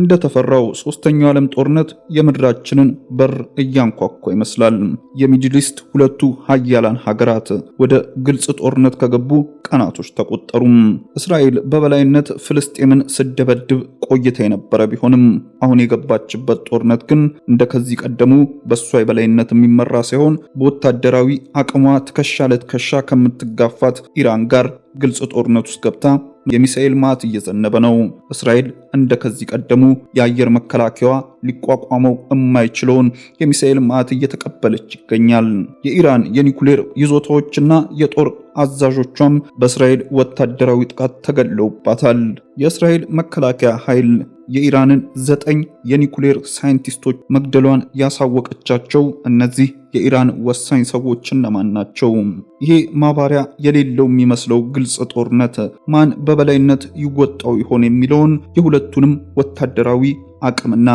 እንደተፈራው ሶስተኛው ዓለም ጦርነት የምድራችንን በር እያንኳኳ ይመስላል። የሚድሊስት ሁለቱ ሀያላን ሀገራት ወደ ግልጽ ጦርነት ከገቡ ቀናቶች ተቆጠሩም። እስራኤል በበላይነት ፍልስጤምን ስደበድብ ቆይታ የነበረ ቢሆንም አሁን የገባችበት ጦርነት ግን እንደ ከዚህ ቀደሙ በእሷ የበላይነት የሚመራ ሳይሆን በወታደራዊ አቅሟ ትከሻ ለትከሻ ከምትጋፋት ኢራን ጋር ግልጽ ጦርነት ውስጥ ገብታ የሚሳኤል ማት እየዘነበ ነው። እስራኤል እንደ ከዚህ ቀደሙ የአየር መከላከያዋ ሊቋቋመው የማይችለውን የሚሳኤል ማት እየተቀበለች ይገኛል። የኢራን የኒኩሌር ይዞታዎችና የጦር አዛዦቿም በእስራኤል ወታደራዊ ጥቃት ተገለውባታል። የእስራኤል መከላከያ ኃይል የኢራንን ዘጠኝ የኒኩሌር ሳይንቲስቶች መግደሏን ያሳወቀቻቸው እነዚህ የኢራን ወሳኝ ሰዎች እነማን ናቸው? ይሄ ማባሪያ የሌለው የሚመስለው ግልጽ ጦርነት ማን በበላይነት ይወጣው ይሆን የሚለውን የሁለቱንም ወታደራዊ አቅምና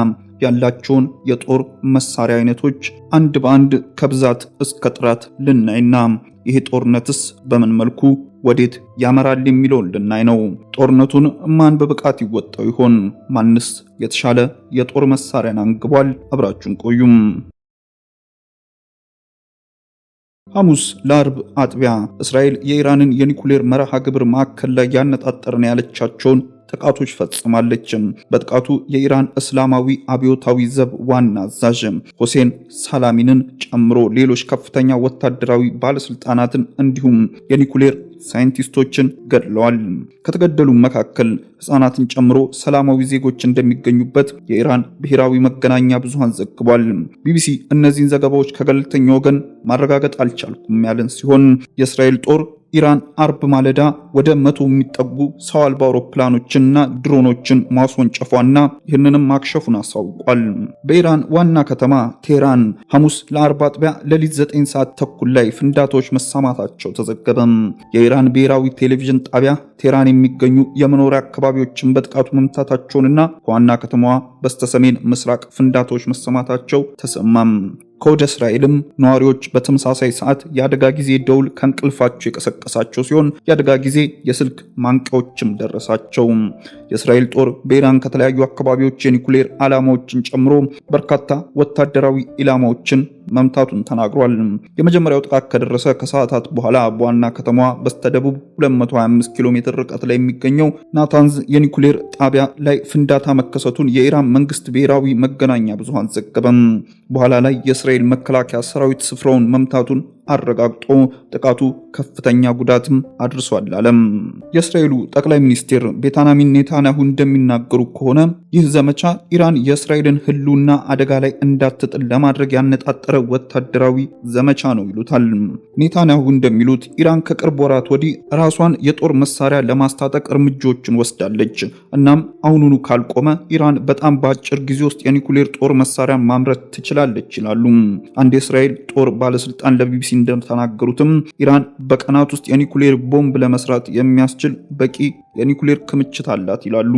ያላቸውን የጦር መሳሪያ አይነቶች አንድ በአንድ ከብዛት እስከ ጥራት ልናይና ይህ ጦርነትስ በምን መልኩ ወዴት ያመራል የሚለውን ልናይ ነው። ጦርነቱን ማን በብቃት ይወጣው ይሆን? ማንስ የተሻለ የጦር መሳሪያን አንግቧል? አብራችሁን ቆዩም። ሐሙስ ለአርብ አጥቢያ እስራኤል የኢራንን የኒኩሌር መርሃ ግብር ማዕከል ላይ ያነጣጠርን ያለቻቸውን ጥቃቶች ፈጽማለችም። በጥቃቱ የኢራን እስላማዊ አብዮታዊ ዘብ ዋና አዛዥ ሁሴን ሳላሚንን ጨምሮ ሌሎች ከፍተኛ ወታደራዊ ባለስልጣናትን እንዲሁም የኒኩሌር ሳይንቲስቶችን ገድለዋል። ከተገደሉ መካከል ህጻናትን ጨምሮ ሰላማዊ ዜጎች እንደሚገኙበት የኢራን ብሔራዊ መገናኛ ብዙሃን ዘግቧል። ቢቢሲ እነዚህን ዘገባዎች ከገለልተኛ ወገን ማረጋገጥ አልቻልኩም ያለን ሲሆን የእስራኤል ጦር ኢራን አርብ ማለዳ ወደ መቶ የሚጠጉ ሰው አልባ አውሮፕላኖችንና ድሮኖችን ማስወንጨፏና ይህንንም ማክሸፉን አሳውቋል። በኢራን ዋና ከተማ ቴህራን ሐሙስ ለአርብ አጥቢያ ሌሊት 9 ሰዓት ተኩል ላይ ፍንዳታዎች መሰማታቸው ተዘገበም። የኢራን ብሔራዊ ቴሌቪዥን ጣቢያ ቴህራን የሚገኙ የመኖሪያ አካባቢዎችን በጥቃቱ መምታታቸውንና ከዋና ከተማዋ በስተሰሜን ምስራቅ ፍንዳታዎች መሰማታቸው ተሰማም። ከወደ እስራኤልም ነዋሪዎች በተመሳሳይ ሰዓት የአደጋ ጊዜ ደውል ከእንቅልፋቸው የቀሰቀሳቸው ሲሆን የአደጋ ጊዜ የስልክ ማንቂያዎችም ደረሳቸው። የእስራኤል ጦር በኢራን ከተለያዩ አካባቢዎች የኒኩሌር ዓላማዎችን ጨምሮ በርካታ ወታደራዊ ኢላማዎችን መምታቱን ተናግሯል። የመጀመሪያው ጥቃት ከደረሰ ከሰዓታት በኋላ በዋና ከተማዋ በስተደቡብ 225 ኪሎ ሜትር ርቀት ላይ የሚገኘው ናታንዝ የኒኩሌር ጣቢያ ላይ ፍንዳታ መከሰቱን የኢራን መንግስት ብሔራዊ መገናኛ ብዙሃን ዘገበም። በኋላ ላይ የእስራኤል መከላከያ ሰራዊት ስፍራውን መምታቱን አረጋግጦ ጥቃቱ ከፍተኛ ጉዳትም አድርሷል አለም። የእስራኤሉ ጠቅላይ ሚኒስትር ቤታናሚን ኔታንያሁ እንደሚናገሩ ከሆነ ይህ ዘመቻ ኢራን የእስራኤልን ሕልውና አደጋ ላይ እንዳትጥል ለማድረግ ያነጣጠረ ወታደራዊ ዘመቻ ነው ይሉታል። ኔታንያሁ እንደሚሉት ኢራን ከቅርብ ወራት ወዲህ ራሷን የጦር መሳሪያ ለማስታጠቅ እርምጃዎችን ወስዳለች። እናም አሁኑኑ ካልቆመ ኢራን በጣም በአጭር ጊዜ ውስጥ የኒኩሌር ጦር መሳሪያ ማምረት ትችላለች ይላሉ። አንድ የእስራኤል ጦር ባለስልጣን ለቢቢሲ እንደተናገሩትም ኢራን በቀናት ውስጥ የኒኩሌር ቦምብ ለመስራት የሚያስችል በቂ የኒኩሌር ክምችት አላት ይላሉ።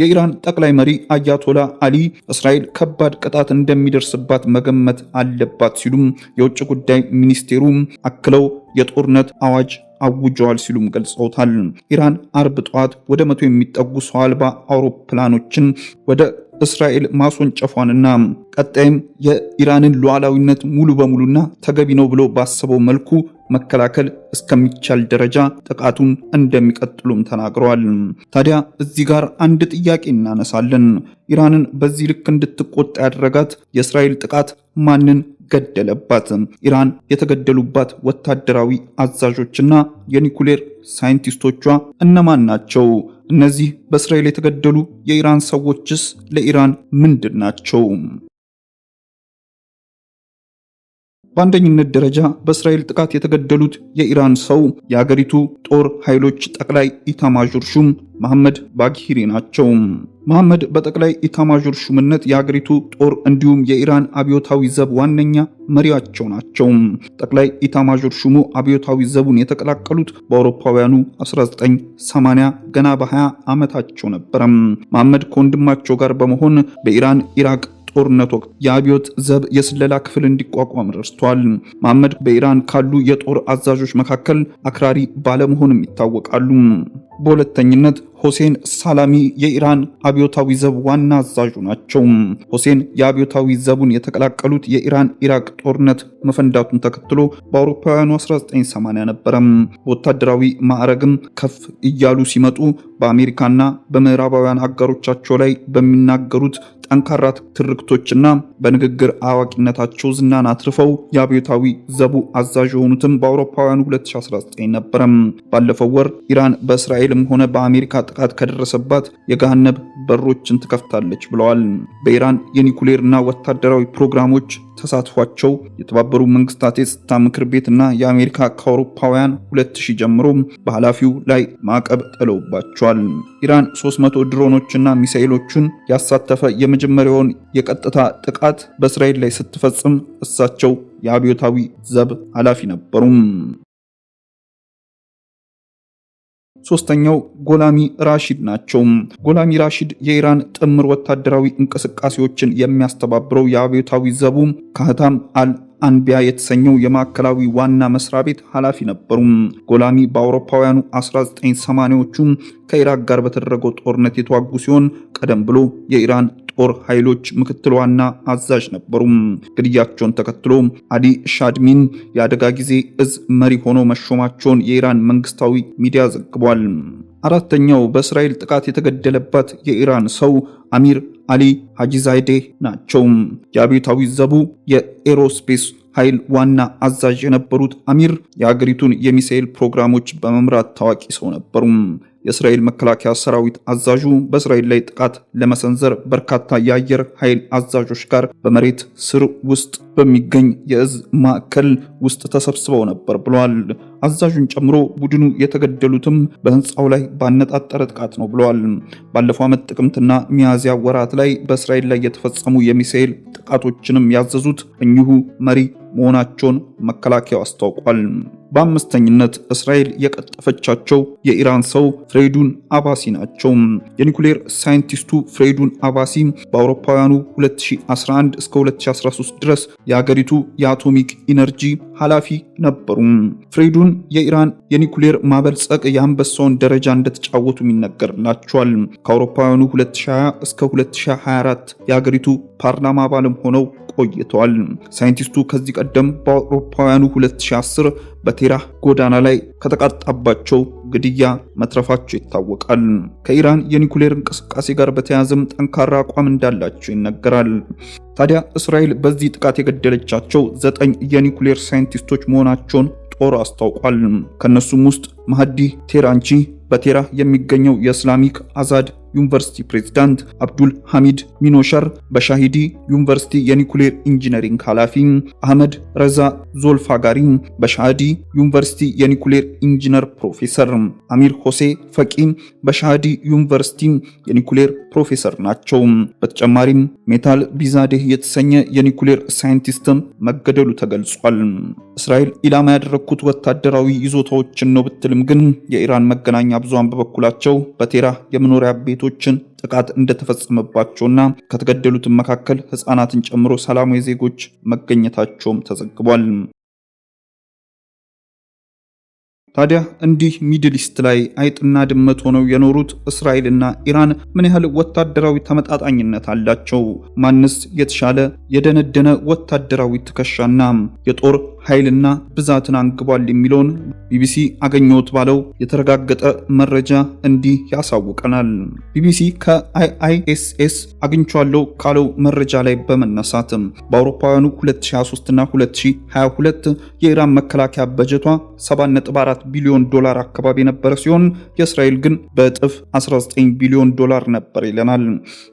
የኢራን ጠቅላይ መሪ አያቶላ አሊ እስራኤል ከባድ ቅጣት እንደሚደርስባት መገመት አለባት ሲሉም የውጭ ጉዳይ ሚኒስቴሩ አክለው የጦርነት አዋጅ አውጀዋል ሲሉም ገልጸውታል። ኢራን አርብ ጠዋት ወደ መቶ የሚጠጉ ሰው አልባ አውሮፕላኖችን ወደ እስራኤል ማስወንጨፏንና ቀጣይም የኢራንን ሉዓላዊነት ሙሉ በሙሉና ተገቢ ነው ብሎ ባሰበው መልኩ መከላከል እስከሚቻል ደረጃ ጥቃቱን እንደሚቀጥሉም ተናግረዋል። ታዲያ እዚህ ጋር አንድ ጥያቄ እናነሳለን። ኢራንን በዚህ ልክ እንድትቆጣ ያደረጋት የእስራኤል ጥቃት ማንን ገደለባት? ኢራን የተገደሉባት ወታደራዊ አዛዦችና የኒኩሌር ሳይንቲስቶቿ እነማን ናቸው? እነዚህ በእስራኤል የተገደሉ የኢራን ሰዎችስ ለኢራን ምንድን ናቸው? በአንደኝነት ደረጃ በእስራኤል ጥቃት የተገደሉት የኢራን ሰው የአገሪቱ ጦር ኃይሎች ጠቅላይ ኢታማዦር ሹም መሐመድ ባግሂሪ ናቸው። መሐመድ በጠቅላይ ኢታማዦር ሹምነት የአገሪቱ ጦር እንዲሁም የኢራን አብዮታዊ ዘብ ዋነኛ መሪያቸው ናቸው። ጠቅላይ ኢታማዦር ሹሙ አብዮታዊ ዘቡን የተቀላቀሉት በአውሮፓውያኑ 1980 ገና በ20 ዓመታቸው ነበረ። መሐመድ ከወንድማቸው ጋር በመሆን በኢራን ኢራቅ ጦርነት ወቅት የአብዮት ዘብ የስለላ ክፍል እንዲቋቋም ረድቷል። መሐመድ በኢራን ካሉ የጦር አዛዦች መካከል አክራሪ ባለመሆንም ይታወቃሉ። በሁለተኝነት ሁሴን ሳላሚ የኢራን አብዮታዊ ዘብ ዋና አዛዡ ናቸው። ሁሴን የአብዮታዊ ዘቡን የተቀላቀሉት የኢራን ኢራቅ ጦርነት መፈንዳቱን ተከትሎ በአውሮፓውያኑ 1980 ነበረም። በወታደራዊ ማዕረግም ከፍ እያሉ ሲመጡ በአሜሪካና በምዕራባውያን አጋሮቻቸው ላይ በሚናገሩት ጠንካራ ትርክቶችና በንግግር አዋቂነታቸው ዝናን አትርፈው የአብዮታዊ ዘቡ አዛዥ የሆኑትም በአውሮፓውያኑ 2019 ነበረም። ባለፈው ወር ኢራን በእስራኤል በእስራኤልም ሆነ በአሜሪካ ጥቃት ከደረሰባት የገሃነብ በሮችን ትከፍታለች ብለዋል። በኢራን የኒኩሌርና ወታደራዊ ፕሮግራሞች ተሳትፏቸው የተባበሩ መንግስታት የጸጥታ ምክር ቤት እና የአሜሪካ ከአውሮፓውያን 2000 ጀምሮ በኃላፊው ላይ ማዕቀብ ጥለውባቸዋል። ኢራን 300 ድሮኖችና ሚሳኤሎችን ያሳተፈ የመጀመሪያውን የቀጥታ ጥቃት በእስራኤል ላይ ስትፈጽም እሳቸው የአብዮታዊ ዘብ ኃላፊ ነበሩም። ሶስተኛው ጎላሚ ራሺድ ናቸው። ጎላሚ ራሺድ የኢራን ጥምር ወታደራዊ እንቅስቃሴዎችን የሚያስተባብረው የአብዮታዊ ዘቡ ካህታም አል አንቢያ የተሰኘው የማዕከላዊ ዋና መስሪያ ቤት ኃላፊ ነበሩ። ጎላሚ በአውሮፓውያኑ 1980ዎቹ ከኢራቅ ጋር በተደረገው ጦርነት የተዋጉ ሲሆን ቀደም ብሎ የኢራን ጦር ኃይሎች ምክትል ዋና አዛዥ ነበሩ። ግድያቸውን ተከትሎ አሊ ሻድሚን የአደጋ ጊዜ እዝ መሪ ሆኖ መሾማቸውን የኢራን መንግስታዊ ሚዲያ ዘግቧል። አራተኛው በእስራኤል ጥቃት የተገደለበት የኢራን ሰው አሚር አሊ ሀጂዛይዴ ናቸው። የአብዮታዊ ዘቡ የኤሮስፔስ ኃይል ዋና አዛዥ የነበሩት አሚር የሀገሪቱን የሚሳኤል ፕሮግራሞች በመምራት ታዋቂ ሰው ነበሩ። የእስራኤል መከላከያ ሰራዊት አዛዡ በእስራኤል ላይ ጥቃት ለመሰንዘር በርካታ የአየር ኃይል አዛዦች ጋር በመሬት ስር ውስጥ በሚገኝ የእዝ ማዕከል ውስጥ ተሰብስበው ነበር ብለዋል። አዛዡን ጨምሮ ቡድኑ የተገደሉትም በህንፃው ላይ ባነጣጠረ ጥቃት ነው ብለዋል። ባለፈው ዓመት ጥቅምትና ሚያዝያ ወራት ላይ በእስራኤል ላይ የተፈጸሙ የሚሳኤል ጥቃቶችንም ያዘዙት እኚሁ መሪ መሆናቸውን መከላከያው አስታውቋል። በአምስተኝነት እስራኤል የቀጠፈቻቸው የኢራን ሰው ፍሬዱን አባሲ ናቸው። የኒኩሌር ሳይንቲስቱ ፍሬዱን አባሲ በአውሮፓውያኑ 2011 እስከ 2013 ድረስ የአገሪቱ የአቶሚክ ኢነርጂ ኃላፊ ነበሩ። ፍሬዱን የኢራን የኒኩሌር ማበልጸቅ የአንበሳውን ደረጃ እንደተጫወቱም ይነገርላቸዋል። ከአውሮፓውያኑ 2020 እስከ 2024 የአገሪቱ ፓርላማ አባልም ሆነው ቆይተዋል። ሳይንቲስቱ ከዚህ ቀደም በአውሮፓውያኑ 2010 በቴራህ ጎዳና ላይ ከተቃጣባቸው ግድያ መትረፋቸው ይታወቃል። ከኢራን የኒኩሌር እንቅስቃሴ ጋር በተያያዘም ጠንካራ አቋም እንዳላቸው ይነገራል። ታዲያ እስራኤል በዚህ ጥቃት የገደለቻቸው ዘጠኝ የኒኩሌር ሳይንቲስቶች መሆናቸውን ጦር አስታውቋል። ከእነሱም ውስጥ ማህዲ ቴራንቺ በቴራ የሚገኘው የእስላሚክ አዛድ ዩኒቨርሲቲ ፕሬዝዳንት አብዱል ሐሚድ ሚኖሸር፣ በሻሂዲ ዩኒቨርሲቲ የኒኩሌር ኢንጂነሪንግ ኃላፊ አህመድ ረዛ ዞልፋጋሪ፣ በሻሂዲ ዩኒቨርሲቲ የኒኩሌር ኢንጂነር ፕሮፌሰር አሚር ሆሴ ፈቂ፣ በሻሂዲ ዩኒቨርሲቲ የኒኩሌር ፕሮፌሰር ናቸው። በተጨማሪም ሜታል ቢዛዴህ የተሰኘ የኒኩሌር ሳይንቲስት መገደሉ ተገልጿል። እስራኤል ኢላማ ያደረግኩት ወታደራዊ ይዞታዎችን ነው ብትልም ግን የኢራን መገናኛ ብዙሃን በበኩላቸው በቴራ የመኖሪያ ቤት ሴቶችን ጥቃት እንደተፈጸመባቸውና ከተገደሉትም መካከል ህፃናትን ጨምሮ ሰላማዊ ዜጎች መገኘታቸውም ተዘግቧል። ታዲያ እንዲህ ሚድል ኢስት ላይ አይጥና ድመት ሆነው የኖሩት እስራኤልና ኢራን ምን ያህል ወታደራዊ ተመጣጣኝነት አላቸው? ማንስ የተሻለ የደነደነ ወታደራዊ ትከሻና የጦር ኃይልና ብዛትን አንግቧል የሚለውን ቢቢሲ አገኘሁት ባለው የተረጋገጠ መረጃ እንዲህ ያሳውቀናል። ቢቢሲ ከአይአይኤስኤስ አግኝቻለሁ ካለው መረጃ ላይ በመነሳትም በአውሮፓውያኑ 2023 እና 2022 የኢራን መከላከያ በጀቷ 7.4 ቢሊዮን ዶላር አካባቢ የነበረ ሲሆን የእስራኤል ግን በእጥፍ 19 ቢሊዮን ዶላር ነበር ይለናል።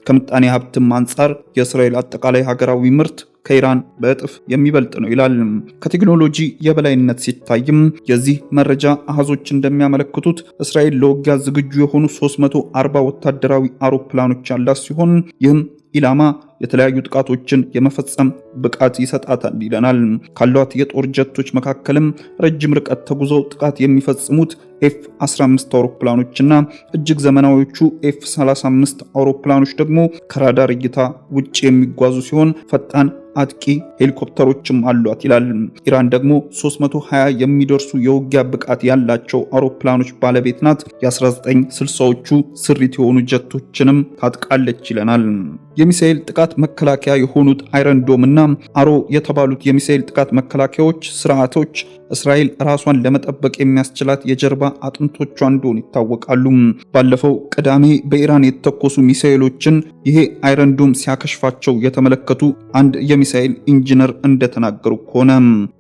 ከምጣኔ ሀብትም አንጻር የእስራኤል አጠቃላይ ሀገራዊ ምርት ከኢራን በእጥፍ የሚበልጥ ነው ይላል። ከቴክኖሎጂ የበላይነት ሲታይም የዚህ መረጃ አሃዞች እንደሚያመለክቱት እስራኤል ለውጊያ ዝግጁ የሆኑ 340 ወታደራዊ አውሮፕላኖች ያላት ሲሆን ይህም ኢላማ የተለያዩ ጥቃቶችን የመፈጸም ብቃት ይሰጣታል ይለናል። ካሏት የጦር ጀቶች መካከልም ረጅም ርቀት ተጉዘው ጥቃት የሚፈጽሙት ኤፍ 15 አውሮፕላኖችና እጅግ ዘመናዊዎቹ ኤፍ 35 አውሮፕላኖች ደግሞ ከራዳር እይታ ውጭ የሚጓዙ ሲሆን ፈጣን አጥቂ ሄሊኮፕተሮችም አሏት ይላል። ኢራን ደግሞ 320 የሚደርሱ የውጊያ ብቃት ያላቸው አውሮፕላኖች ባለቤት ናት። የ1960ዎቹ ስሪት የሆኑ ጀቶችንም ታጥቃለች ይለናል። የሚሳኤል ጥቃት ጥቃት መከላከያ የሆኑት አይረንዶም እና አሮ የተባሉት የሚሳኤል ጥቃት መከላከያዎች ስርዓቶች እስራኤል ራሷን ለመጠበቅ የሚያስችላት የጀርባ አጥንቶቿ እንደሆኑ ይታወቃሉ። ባለፈው ቅዳሜ በኢራን የተተኮሱ ሚሳኤሎችን ይሄ ዶም ሲያከሽፋቸው የተመለከቱ አንድ የሚሳኤል ኢንጂነር እንደተናገሩ ከሆነ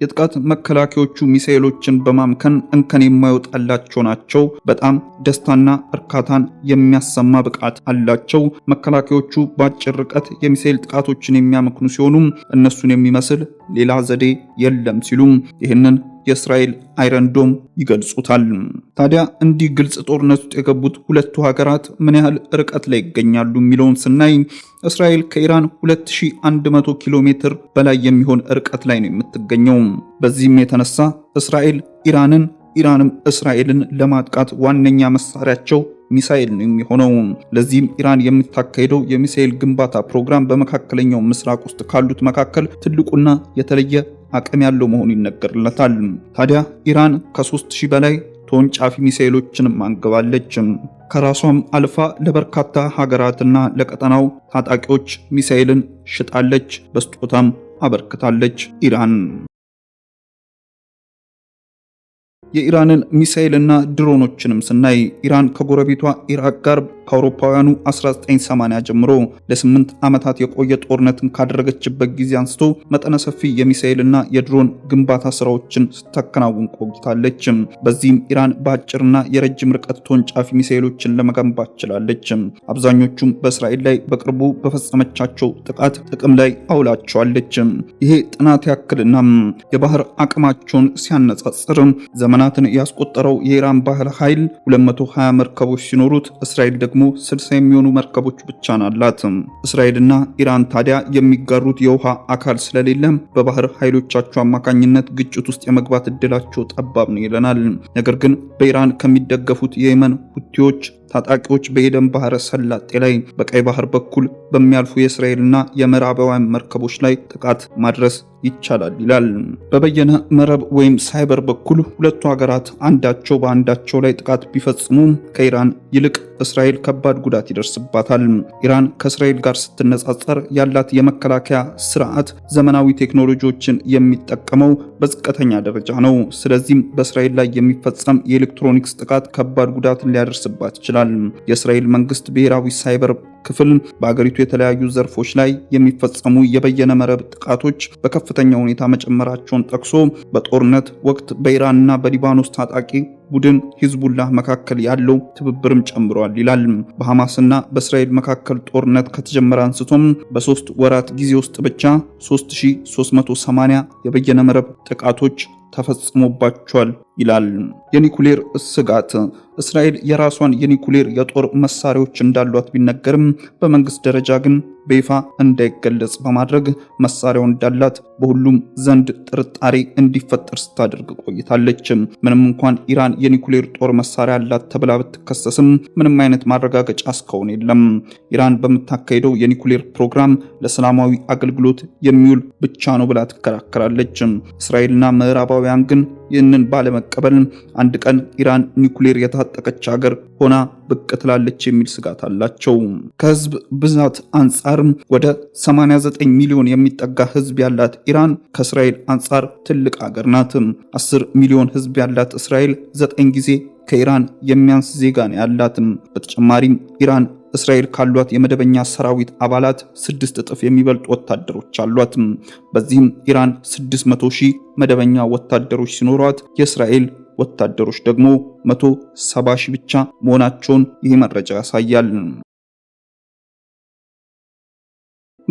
የጥቃት መከላከያዎቹ ሚሳኤሎችን በማምከን እንከን የማይወጣላቸው ናቸው። በጣም ደስታና እርካታን የሚያሰማ ብቃት አላቸው። መከላከያዎቹ በአጭር ርቀት የሚ የሚሳኤል ጥቃቶችን የሚያመክኑ ሲሆኑም እነሱን የሚመስል ሌላ ዘዴ የለም ሲሉም ይህንን የእስራኤል አይረንዶም ይገልጹታል። ታዲያ እንዲህ ግልጽ ጦርነት ውስጥ የገቡት ሁለቱ ሀገራት ምን ያህል ርቀት ላይ ይገኛሉ የሚለውን ስናይ እስራኤል ከኢራን 2100 ኪሎ ሜትር በላይ የሚሆን ርቀት ላይ ነው የምትገኘው። በዚህም የተነሳ እስራኤል ኢራንን ኢራንም እስራኤልን ለማጥቃት ዋነኛ መሳሪያቸው ሚሳኤል ነው የሚሆነው። ለዚህም ኢራን የምታካሄደው የሚሳኤል ግንባታ ፕሮግራም በመካከለኛው ምስራቅ ውስጥ ካሉት መካከል ትልቁና የተለየ አቅም ያለው መሆኑ ይነገርለታል። ታዲያ ኢራን ከ3000 በላይ ተወንጫፊ ሚሳኤሎችንም አንግባለች። ከራሷም አልፋ ለበርካታ ሀገራትና ለቀጠናው ታጣቂዎች ሚሳኤልን ሽጣለች፣ በስጦታም አበርክታለች ኢራን የኢራንን ሚሳኤል እና ድሮኖችንም ስናይ ኢራን ከጎረቤቷ ኢራቅ ጋር ከአውሮፓውያኑ 1980 ጀምሮ ለ8 ዓመታት የቆየ ጦርነትን ካደረገችበት ጊዜ አንስቶ መጠነ ሰፊ የሚሳይልና የድሮን ግንባታ ስራዎችን ስታከናውን ቆይታለች። በዚህም ኢራን በአጭርና የረጅም ርቀት ተወንጫፊ ሚሳኤሎችን ለመገንባት ችላለች። አብዛኞቹም በእስራኤል ላይ በቅርቡ በፈጸመቻቸው ጥቃት ጥቅም ላይ አውላቸዋለች። ይሄ ጥናት ያክልና የባህር አቅማቸውን ሲያነጻጽርም ዘመ ቀናትን ያስቆጠረው የኢራን ባህር ኃይል 220 መርከቦች ሲኖሩት እስራኤል ደግሞ 60 የሚሆኑ መርከቦች ብቻ ናላት። እስራኤልና ኢራን ታዲያ የሚጋሩት የውሃ አካል ስለሌለም በባህር ኃይሎቻቸው አማካኝነት ግጭት ውስጥ የመግባት እድላቸው ጠባብ ነው ይለናል። ነገር ግን በኢራን ከሚደገፉት የየመን ሁቲዎች ታጣቂዎች በኤደን ባህረ ሰላጤ ላይ በቀይ ባህር በኩል በሚያልፉ የእስራኤልና የምዕራባውያን መርከቦች ላይ ጥቃት ማድረስ ይቻላል ይላል። በበየነ መረብ ወይም ሳይበር በኩል ሁለቱ ሀገራት አንዳቸው በአንዳቸው ላይ ጥቃት ቢፈጽሙ ከኢራን ይልቅ እስራኤል ከባድ ጉዳት ይደርስባታል። ኢራን ከእስራኤል ጋር ስትነጻጸር ያላት የመከላከያ ስርዓት ዘመናዊ ቴክኖሎጂዎችን የሚጠቀመው በዝቅተኛ ደረጃ ነው። ስለዚህም በእስራኤል ላይ የሚፈጸም የኤሌክትሮኒክስ ጥቃት ከባድ ጉዳትን ሊያደርስባት ይችላል። የእስራኤል መንግስት ብሔራዊ ሳይበር ክፍል በአገሪቱ የተለያዩ ዘርፎች ላይ የሚፈጸሙ የበየነ መረብ ጥቃቶች በከፍተኛ ሁኔታ መጨመራቸውን ጠቅሶ በጦርነት ወቅት በኢራንና በሊባኖስ ታጣቂ ቡድን ሂዝቡላህ መካከል ያለው ትብብርም ጨምሯል ይላል። በሐማስና በእስራኤል መካከል ጦርነት ከተጀመረ አንስቶም በሶስት ወራት ጊዜ ውስጥ ብቻ 3380 የበየነ መረብ ጥቃቶች ተፈጽሞባቸዋል ይላል። የኒኩሌር ስጋት እስራኤል የራሷን የኒኩሌር የጦር መሳሪያዎች እንዳሏት ቢነገርም በመንግስት ደረጃ ግን በይፋ እንዳይገለጽ በማድረግ መሳሪያው እንዳላት በሁሉም ዘንድ ጥርጣሬ እንዲፈጠር ስታደርግ ቆይታለች። ምንም እንኳን ኢራን የኒኩሌር ጦር መሳሪያ አላት ተብላ ብትከሰስም ምንም አይነት ማረጋገጫ እስካሁን የለም። ኢራን በምታካሄደው የኒኩሌር ፕሮግራም ለሰላማዊ አገልግሎት የሚውል ብቻ ነው ብላ ትከራከራለች። እስራኤልና ምዕራባውያን ግን ይህንን ባለመቀበል አንድ ቀን ኢራን ኒውክሌር የታጠቀች ሀገር ሆና ብቅ ትላለች የሚል ስጋት አላቸው። ከህዝብ ብዛት አንጻር ወደ 89 ሚሊዮን የሚጠጋ ህዝብ ያላት ኢራን ከእስራኤል አንጻር ትልቅ ሀገር ናት። 10 ሚሊዮን ህዝብ ያላት እስራኤል 9 ጊዜ ከኢራን የሚያንስ ዜጋ ነው ያላት። በተጨማሪም ኢራን እስራኤል ካሏት የመደበኛ ሰራዊት አባላት ስድስት እጥፍ የሚበልጡ ወታደሮች አሏት። በዚህም ኢራን 600 ሺህ መደበኛ ወታደሮች ሲኖሯት የእስራኤል ወታደሮች ደግሞ 170 ሺህ ብቻ መሆናቸውን ይህ መረጃ ያሳያል።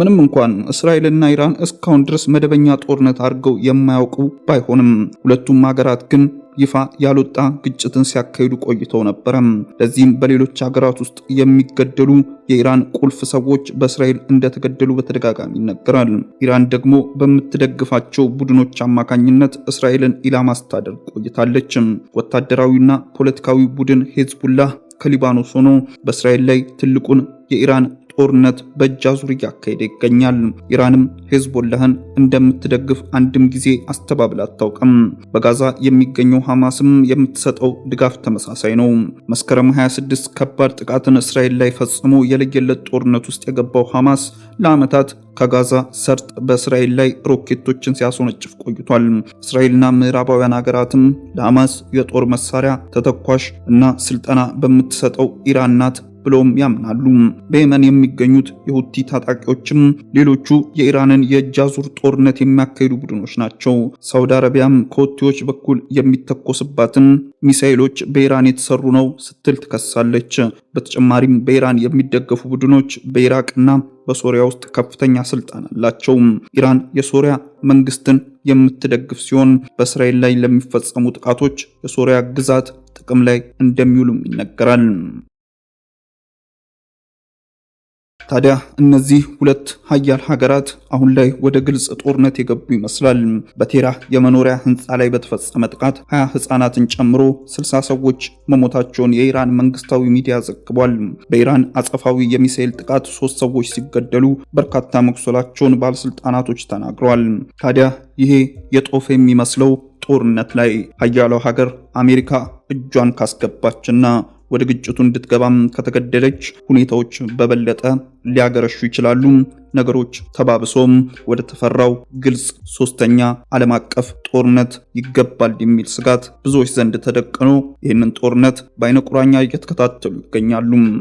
ምንም እንኳን እስራኤልና ኢራን እስካሁን ድረስ መደበኛ ጦርነት አድርገው የማያውቁ ባይሆንም ሁለቱም ሀገራት ግን ይፋ ያልወጣ ግጭትን ሲያካሂዱ ቆይተው ነበረ። ለዚህም በሌሎች ሀገራት ውስጥ የሚገደሉ የኢራን ቁልፍ ሰዎች በእስራኤል እንደተገደሉ በተደጋጋሚ ይነገራል። ኢራን ደግሞ በምትደግፋቸው ቡድኖች አማካኝነት እስራኤልን ኢላማ ስታደርግ ቆይታለች። ወታደራዊና ፖለቲካዊ ቡድን ሄዝቡላህ ከሊባኖስ ሆኖ በእስራኤል ላይ ትልቁን የኢራን ጦርነት በእጃዙር እያካሄደ ይገኛል። ኢራንም ሄዝቦላህን እንደምትደግፍ አንድም ጊዜ አስተባብላ አታውቅም። በጋዛ የሚገኘው ሐማስም የምትሰጠው ድጋፍ ተመሳሳይ ነው። መስከረም 26 ከባድ ጥቃትን እስራኤል ላይ ፈጽሞ የለየለት ጦርነት ውስጥ የገባው ሐማስ ለዓመታት ከጋዛ ሰርጥ በእስራኤል ላይ ሮኬቶችን ሲያስወነጭፍ ቆይቷል። እስራኤልና ምዕራባውያን ሀገራትም ለሐማስ የጦር መሳሪያ ተተኳሽ እና ስልጠና በምትሰጠው ኢራን ናት ብለውም ያምናሉ። በየመን የሚገኙት የሁቲ ታጣቂዎችም ሌሎቹ የኢራንን የእጅ አዙር ጦርነት የሚያካሂዱ ቡድኖች ናቸው። ሳውዲ አረቢያም ከሁቲዎች በኩል የሚተኮስባትን ሚሳይሎች በኢራን የተሰሩ ነው ስትል ትከሳለች። በተጨማሪም በኢራን የሚደገፉ ቡድኖች በኢራቅና በሶሪያ ውስጥ ከፍተኛ ስልጣን አላቸው። ኢራን የሶሪያ መንግስትን የምትደግፍ ሲሆን በእስራኤል ላይ ለሚፈጸሙ ጥቃቶች የሶሪያ ግዛት ጥቅም ላይ እንደሚውሉም ይነገራል። ታዲያ እነዚህ ሁለት ሀያል ሀገራት አሁን ላይ ወደ ግልጽ ጦርነት የገቡ ይመስላል። በቴራ የመኖሪያ ህንፃ ላይ በተፈጸመ ጥቃት ሀያ ህጻናትን ጨምሮ ስልሳ ሰዎች መሞታቸውን የኢራን መንግስታዊ ሚዲያ ዘግቧል። በኢራን አጸፋዊ የሚሳኤል ጥቃት ሶስት ሰዎች ሲገደሉ በርካታ መቁሰላቸውን ባለስልጣናቶች ተናግረዋል። ታዲያ ይሄ የጦፈ የሚመስለው ጦርነት ላይ ሀያለው ሀገር አሜሪካ እጇን ካስገባችና ወደ ግጭቱ እንድትገባም ከተገደደች ሁኔታዎች በበለጠ ሊያገረሹ ይችላሉ። ነገሮች ተባብሶም ወደ ተፈራው ግልጽ ሶስተኛ ዓለም አቀፍ ጦርነት ይገባል የሚል ስጋት ብዙዎች ዘንድ ተደቅኖ ይህንን ጦርነት በአይነ ቁራኛ እየተከታተሉ ይገኛሉ።